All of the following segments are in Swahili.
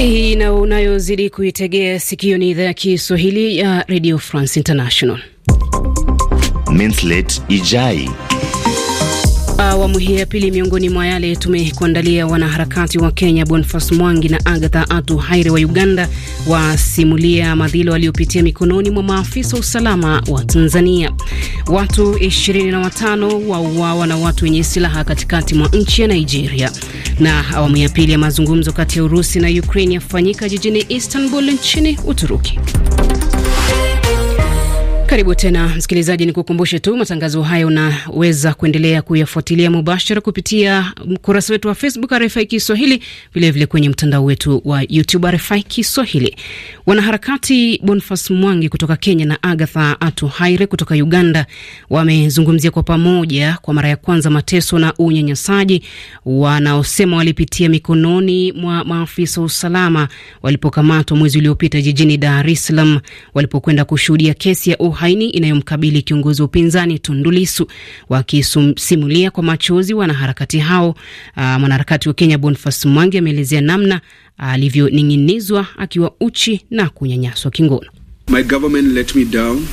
Hii na unayozidi kuitegea sikio ni idhaa ya Kiswahili ya Radio France International. Mintlet Ijai Awamu hii ya pili, miongoni mwa yale tumekuandalia: wanaharakati wa Kenya Bonfas Mwangi na Agatha Atu Haire wa Uganda wasimulia madhila waliopitia mikononi mwa maafisa wa usalama wa Tanzania; watu 25 wauawa na watu wenye silaha katikati mwa nchi ya Nigeria; na awamu ya pili ya mazungumzo kati ya Urusi na Ukraine yafanyika jijini Istanbul nchini Uturuki. Karibu tena msikilizaji, ni kukumbushe tu matangazo haya unaweza kuendelea kuyafuatilia mubashara kupitia ukurasa wetu wa Facebook RFI Kiswahili, vilevile kwenye mtandao wetu wa YouTube RFI Kiswahili. Wanaharakati Bonfas Mwangi kutoka Kenya na Agatha Atuhaire kutoka Uganda wamezungumzia kwa pamoja kwa mara ya kwanza mateso na unyanyasaji wanaosema walipitia mikononi mwa maafisa wa usalama walipokamatwa mwezi uliopita jijini Dar es Salaam walipokwenda kushuhudia kesi ya uhaini inayomkabili kiongozi wa upinzani tundulisu Wakisimulia kwa machozi wanaharakati hao, uh, mwanaharakati wa Kenya bonfas Mwangi ameelezea namna alivyoning'inizwa akiwa uchi na kunyanyaswa kingono. My government let me down.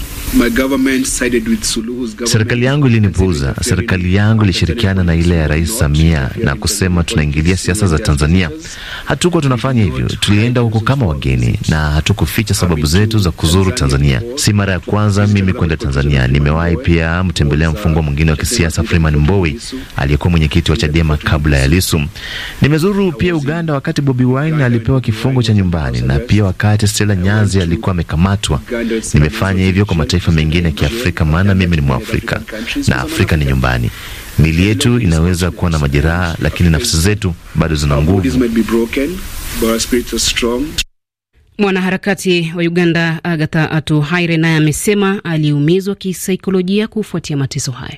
Serikali yangu ilinipuuza. Serikali yangu ilishirikiana na ile ya Rais Samia na kusema tunaingilia siasa za Tanzania. Hatukuwa tunafanya hivyo, tulienda huko kama wageni na hatukuficha sababu zetu za kuzuru Tanzania. Si mara ya kwanza mimi kwenda Tanzania, nimewahi pia mtembelea uh, mfungwa mwingine wa kisiasa Freeman Mbowe aliyekuwa mwenyekiti wa Chadema kabla ya Lisu. Nimezuru pia Uganda wakati Bobi Wine alipewa kifungo cha nyumbani na pia wakati Stella Nyanzi alikuwa amekamatwa. Nimefanya hivyo kwa mataifa mengine ya Kiafrika, maana mimi ni Mwafrika na Afrika ni nyumbani. Mili yetu inaweza kuwa na majeraha, lakini nafsi zetu bado zina nguvu. Mwanaharakati wa Uganda Agatha Atuhaire naye amesema aliumizwa kisaikolojia kufuatia mateso hayo.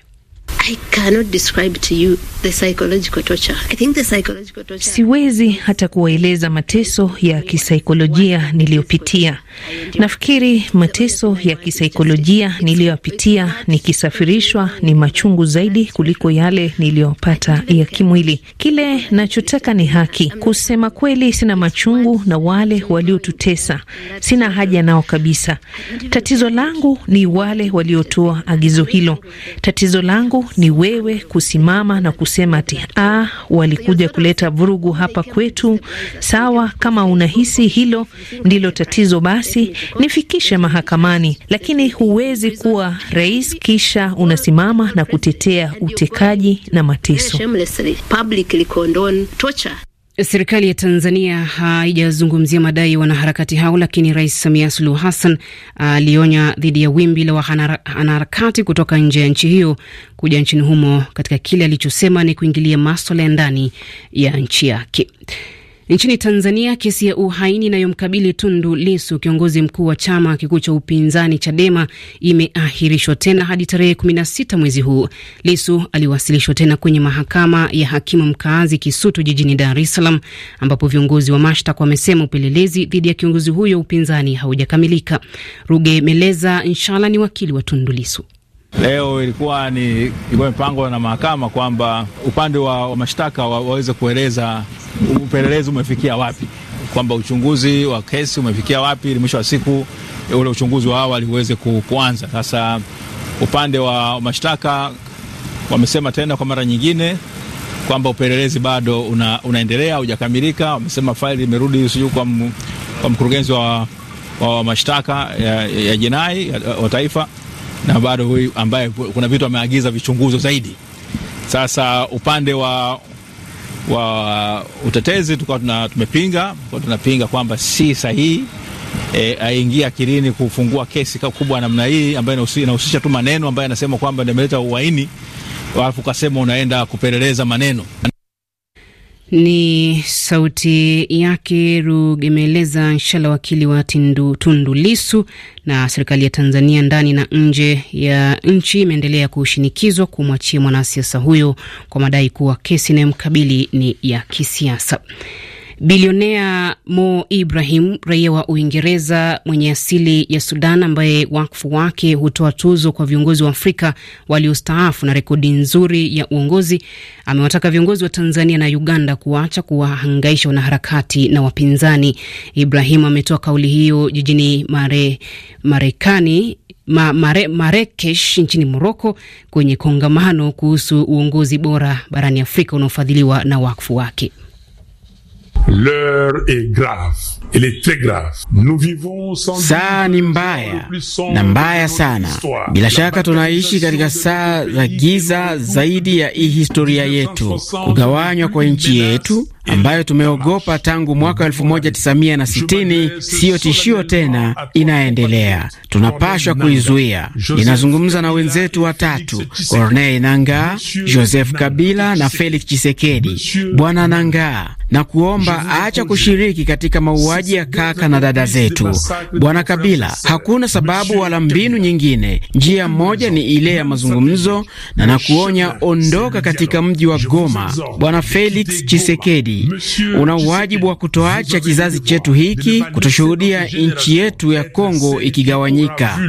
Siwezi hata kuwaeleza mateso ya kisaikolojia niliyopitia. Nafikiri mateso ya kisaikolojia niliyopitia nikisafirishwa ni machungu zaidi kuliko yale niliyopata ya kimwili. Kile nachotaka ni haki. Kusema kweli, sina machungu na wale waliotutesa, sina haja nao kabisa. Tatizo langu ni wale waliotoa agizo hilo. Tatizo langu ni wewe kusimama na kusema ati a ah, walikuja kuleta vurugu hapa kwetu. Sawa, kama unahisi hilo ndilo tatizo, basi nifikishe mahakamani, lakini huwezi kuwa rais kisha unasimama na kutetea utekaji na mateso. Serikali ya Tanzania haijazungumzia madai ya wanaharakati hao, lakini Rais Samia Suluhu Hassan alionya dhidi ya wimbi la wanaharakati kutoka nje ya nchi hiyo kuja nchini humo katika kile alichosema ni kuingilia maswala ya ndani ya nchi yake. Nchini Tanzania, kesi ya uhaini inayomkabili Tundu Lisu, kiongozi mkuu wa chama kikuu cha upinzani Chadema, imeahirishwa tena hadi tarehe 16 mwezi huu. Lisu aliwasilishwa tena kwenye mahakama ya hakimu mkaazi Kisutu jijini Dar es Salaam, ambapo viongozi wa mashtaka wamesema upelelezi dhidi ya kiongozi huyo upinzani haujakamilika. Ruge Meleza Nshala ni wakili wa Tundu Lisu. Leo ilikuwa ni ilikuwa mipango na mahakama kwamba upande wa, wa mashtaka wa, waweze kueleza upelelezi umefikia wapi, kwamba uchunguzi wa kesi umefikia wapi, ili mwisho wa siku ule uchunguzi wa awali uweze kuanza. Sasa upande wa mashtaka wamesema tena kwa mara nyingine kwamba upelelezi bado una, unaendelea hujakamilika. Wamesema faili imerudi sijui kwa, kwa mkurugenzi wa, wa mashtaka ya, ya jinai wa taifa na bado huyu ambaye kuna vitu ameagiza vichunguzo zaidi. Sasa upande wa wa utetezi tukawa tumepinga, tunapinga kwamba si sahihi e, aingia akilini kufungua kesi kubwa namna hii ambayo inahusisha tu maneno ambayo anasema kwamba ndio ameleta uhaini, alafu kasema unaenda kupeleleza maneno. Ni sauti yake Rugemeleza Nshala, wakili wa Tundu Lisu. Na serikali ya Tanzania ndani na nje ya nchi imeendelea kushinikizwa kumwachia mwanasiasa huyo kwa madai kuwa kesi inayomkabili ni ya kisiasa. Bilionea Mo Ibrahim, raia wa Uingereza mwenye asili ya Sudan, ambaye wakfu wake hutoa tuzo kwa viongozi wa Afrika waliostaafu na rekodi nzuri ya uongozi, amewataka viongozi wa Tanzania na Uganda kuacha kuwahangaisha wanaharakati na wapinzani. Ibrahim ametoa kauli hiyo jijini Mare, Marekani Ma, mare, Marekesh nchini Moroko kwenye kongamano kuhusu uongozi bora barani Afrika unaofadhiliwa na wakfu wake. L'heure est grave. Elle est très grave. Nous vivons sans saa ni mbaya na mbaya sana. Bila shaka tunaishi katika saa za giza zaidi ya hii historia yetu. Kugawanywa kwa nchi yetu ambayo tumeogopa tangu mwaka 1960 siyo tishio tena, inaendelea. Tunapashwa kuizuia. Ninazungumza na wenzetu watatu, Corneille Nangaa, Joseph Kabila na Felix chisekedi Bwana Nangaa, na kuomba acha kushiriki katika mauaji ya kaka na dada zetu. Bwana Kabila, hakuna sababu wala mbinu nyingine, njia moja ni ile ya mazungumzo, na nakuonya, ondoka katika mji wa Goma. Bwana Felix Chisekedi, zaidi. Una uwajibu wa kutoacha kizazi chetu hiki kutoshuhudia nchi yetu ya Kongo ikigawanyika.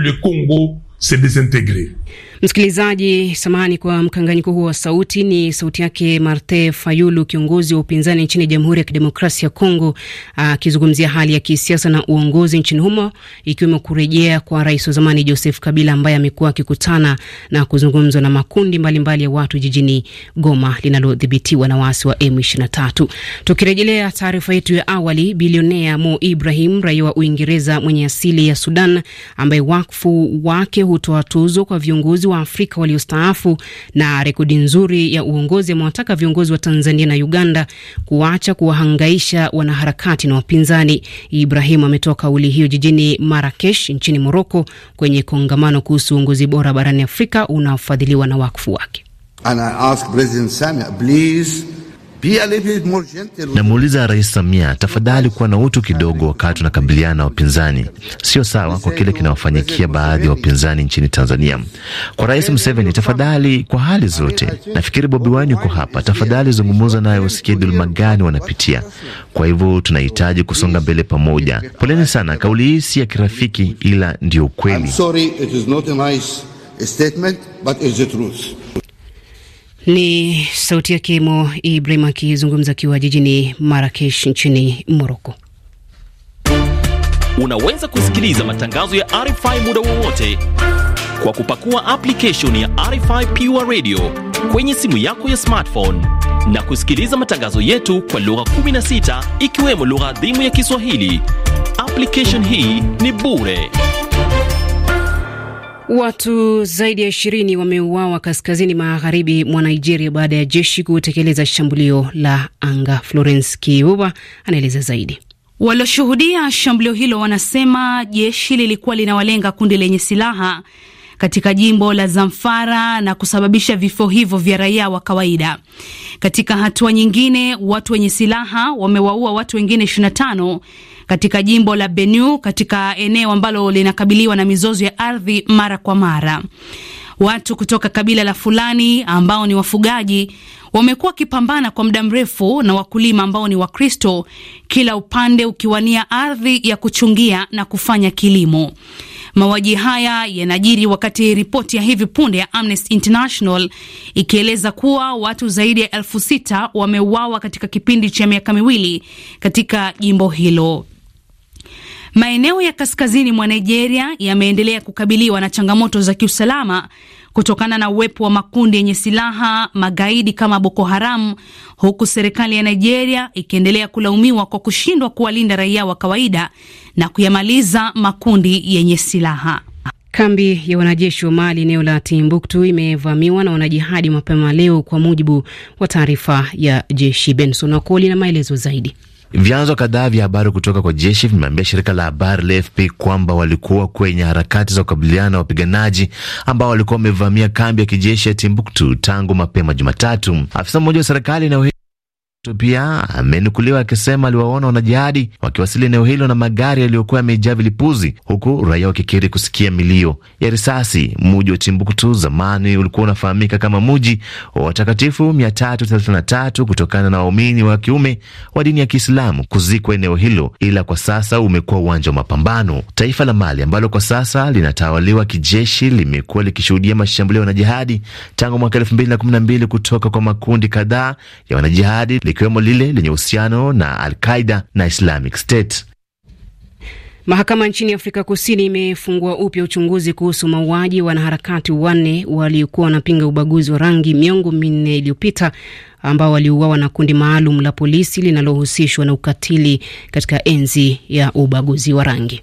Msikilizaji, samahani kwa mkanganyiko huo wa sauti. Ni sauti yake marthe Fayulu, kiongozi wa upinzani nchini Jamhuri ya Kidemokrasia ya Kongo, akizungumzia hali ya kisiasa na uongozi nchini humo, ikiwemo kurejea kwa rais wa zamani Joseph Kabila ambaye amekuwa akikutana na kuzungumzwa na makundi mbalimbali mbali ya watu jijini Goma linalodhibitiwa na waasi wa M23. Tukirejelea taarifa yetu ya awali, bilionea Mo Ibrahim, raia wa Uingereza mwenye asili ya Sudan, ambaye wakfu wake hutoa tuzo kwa viongozi wa Afrika waliostaafu na rekodi nzuri ya uongozi, amewataka viongozi wa Tanzania na Uganda kuacha kuwahangaisha wanaharakati na wapinzani. Ibrahim ametoa kauli hiyo jijini Marakesh nchini Moroko kwenye kongamano kuhusu uongozi bora barani Afrika unaofadhiliwa na wakfu wake. Namuuliza Rais Samia, tafadhali kuwa na utu kidogo wakati tunakabiliana na wapinzani. Sio sawa kwa kile kinawafanyikia baadhi ya wapinzani nchini Tanzania. Kwa Rais Museveni, tafadhali, kwa hali zote, nafikiri Bobi Wine yuko hapa, tafadhali zungumuza naye, usikie dhuluma gani wanapitia. Kwa hivyo tunahitaji kusonga mbele pamoja. Poleni sana, kauli hii si ya kirafiki, ila ndio ukweli. Ni sauti yake Mo Ibrahim akizungumza akiwa jijini Marakesh nchini Moroko. Unaweza kusikiliza matangazo ya RFI muda wowote kwa kupakua application ya RFI Pure Radio kwenye simu yako ya smartphone na kusikiliza matangazo yetu kwa lugha 16 ikiwemo lugha adhimu ya Kiswahili. Application hii ni bure. Watu zaidi ya ishirini wameuawa kaskazini magharibi mwa Nigeria baada ya jeshi kutekeleza shambulio la anga. Florence Kiuba anaeleza zaidi. Walioshuhudia shambulio hilo wanasema jeshi lilikuwa linawalenga kundi lenye silaha katika jimbo la Zamfara na kusababisha vifo hivyo vya raia wa kawaida. Katika hatua nyingine, watu wenye silaha wamewaua watu wengine 25 katika jimbo la Benue, katika eneo ambalo linakabiliwa na mizozo ya ardhi mara kwa mara. Watu kutoka kabila la Fulani ambao ni wafugaji wamekuwa wakipambana kwa muda mrefu na wakulima ambao ni Wakristo, kila upande ukiwania ardhi ya kuchungia na kufanya kilimo. Mauaji haya yanajiri wakati ripoti ya hivi punde ya Amnesty International ikieleza kuwa watu zaidi ya elfu sita wameuawa katika kipindi cha miaka miwili katika jimbo hilo. Maeneo ya kaskazini mwa Nigeria yameendelea kukabiliwa na changamoto za kiusalama kutokana na uwepo wa makundi yenye silaha magaidi kama Boko Haram, huku serikali ya Nigeria ikiendelea kulaumiwa kwa kushindwa kuwalinda raia wa kawaida na kuyamaliza makundi yenye silaha. Kambi ya wanajeshi wa Mali eneo la Timbuktu imevamiwa na wanajihadi mapema leo, kwa mujibu wa taarifa ya jeshi. Benson Wakoli na maelezo zaidi. Vyanzo kadhaa vya habari kutoka kwa jeshi vimeambia shirika la habari la AFP kwamba walikuwa kwenye harakati za kukabiliana na wapiganaji ambao walikuwa wamevamia kambi ya kijeshi ya Timbuktu tangu mapema Jumatatu. Afisa mmoja wa serikali na pia amenukuliwa akisema aliwaona wanajihadi wakiwasili eneo hilo na magari yaliyokuwa yamejaa vilipuzi, huku raia wakikiri kusikia milio ya risasi. Muji wa Timbuktu zamani ulikuwa unafahamika kama muji wa watakatifu 333 kutokana na waumini wa kiume wa dini ya Kiislamu kuzikwa eneo hilo, ila kwa sasa umekuwa uwanja wa mapambano. Taifa la Mali ambalo kwa sasa linatawaliwa kijeshi limekuwa likishuhudia mashambulio ya wanajihadi tangu mwaka 2012 kutoka kwa makundi kadhaa ya wanajihadi likiwemo lile lenye uhusiano na Al-Qaida na Islamic State. Mahakama nchini Afrika Kusini imefungua upya uchunguzi kuhusu mauaji wanaharakati wanne waliokuwa wanapinga ubaguzi wa rangi miongo minne iliyopita ambao waliuawa na kundi maalum la polisi linalohusishwa na ukatili katika enzi ya ubaguzi wa rangi.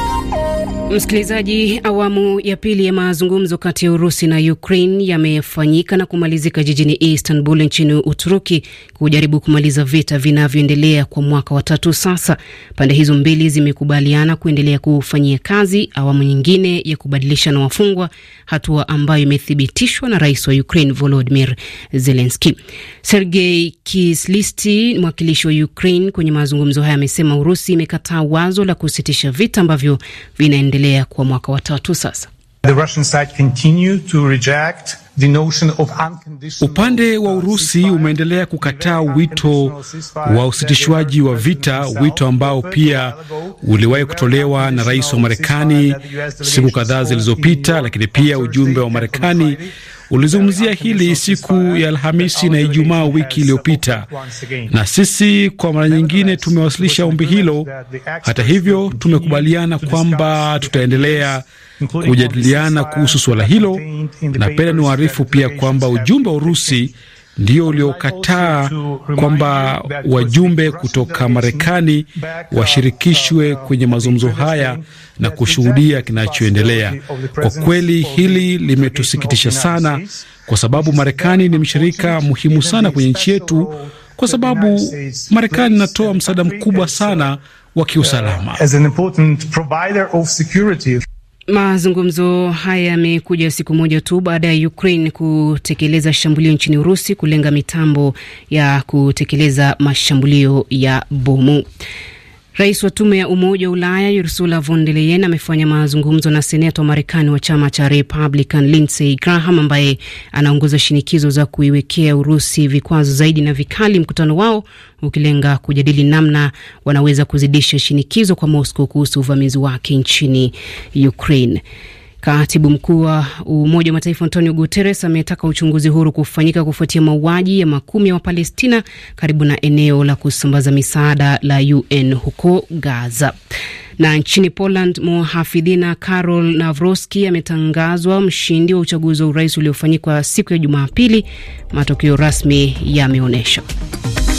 Msikilizaji, awamu ya pili ya mazungumzo kati ya Urusi na Ukraine yamefanyika na kumalizika jijini Istanbul nchini Uturuki kujaribu kumaliza vita vinavyoendelea kwa mwaka wa tatu sasa. Pande hizo mbili zimekubaliana kuendelea kufanyia kazi awamu nyingine ya kubadilishana wafungwa, hatua ambayo imethibitishwa na rais wa Ukraine volodimir zelenski Sergei Kislisti, mwakilishi wa Ukraine kwenye mazungumzo haya, amesema Urusi imekataa wazo la kusitisha vita ambavyo vinaendelea unaendelea kwa mwaka wa tatu sasa. The Russian side continue to reject the notion of unconditional... Upande wa Urusi umeendelea kukataa wito wa usitishwaji wa vita, wito ambao pia uliwahi kutolewa na rais wa Marekani siku kadhaa zilizopita, lakini pia ujumbe wa Marekani Ulizungumzia hili siku ya Alhamisi na Ijumaa wiki iliyopita, na sisi kwa mara nyingine tumewasilisha ombi hilo. Hata hivyo, tumekubaliana kwamba tutaendelea kujadiliana kuhusu suala hilo. Napenda niwaarifu pia kwamba ujumbe wa Urusi ndio uliokataa kwamba wajumbe kutoka Marekani washirikishwe kwenye mazungumzo haya na kushuhudia kinachoendelea. Kwa kweli hili limetusikitisha sana, kwa sababu Marekani ni mshirika muhimu sana kwenye nchi yetu, kwa sababu Marekani inatoa msaada mkubwa sana wa kiusalama. Mazungumzo haya yamekuja siku moja tu baada ya Ukraine kutekeleza shambulio nchini Urusi kulenga mitambo ya kutekeleza mashambulio ya bomu. Rais wa tume ya Umoja wa Ulaya Ursula von der Leyen amefanya mazungumzo na seneta wa Marekani wa chama cha Republican Lindsey Graham ambaye anaongoza shinikizo za kuiwekea Urusi vikwazo zaidi na vikali, mkutano wao ukilenga kujadili namna wanaweza kuzidisha shinikizo kwa Moscow kuhusu uvamizi wake nchini Ukraine. Katibu mkuu wa Umoja wa Mataifa Antonio Guterres ametaka uchunguzi huru kufanyika kufuatia mauaji ya makumi ya Wapalestina karibu na eneo la kusambaza misaada la UN huko Gaza. Na nchini Poland, mohafidhina Karol Nawroski ametangazwa mshindi wa uchaguzi wa urais uliofanyika siku ya Jumapili, matokeo rasmi yameonyesha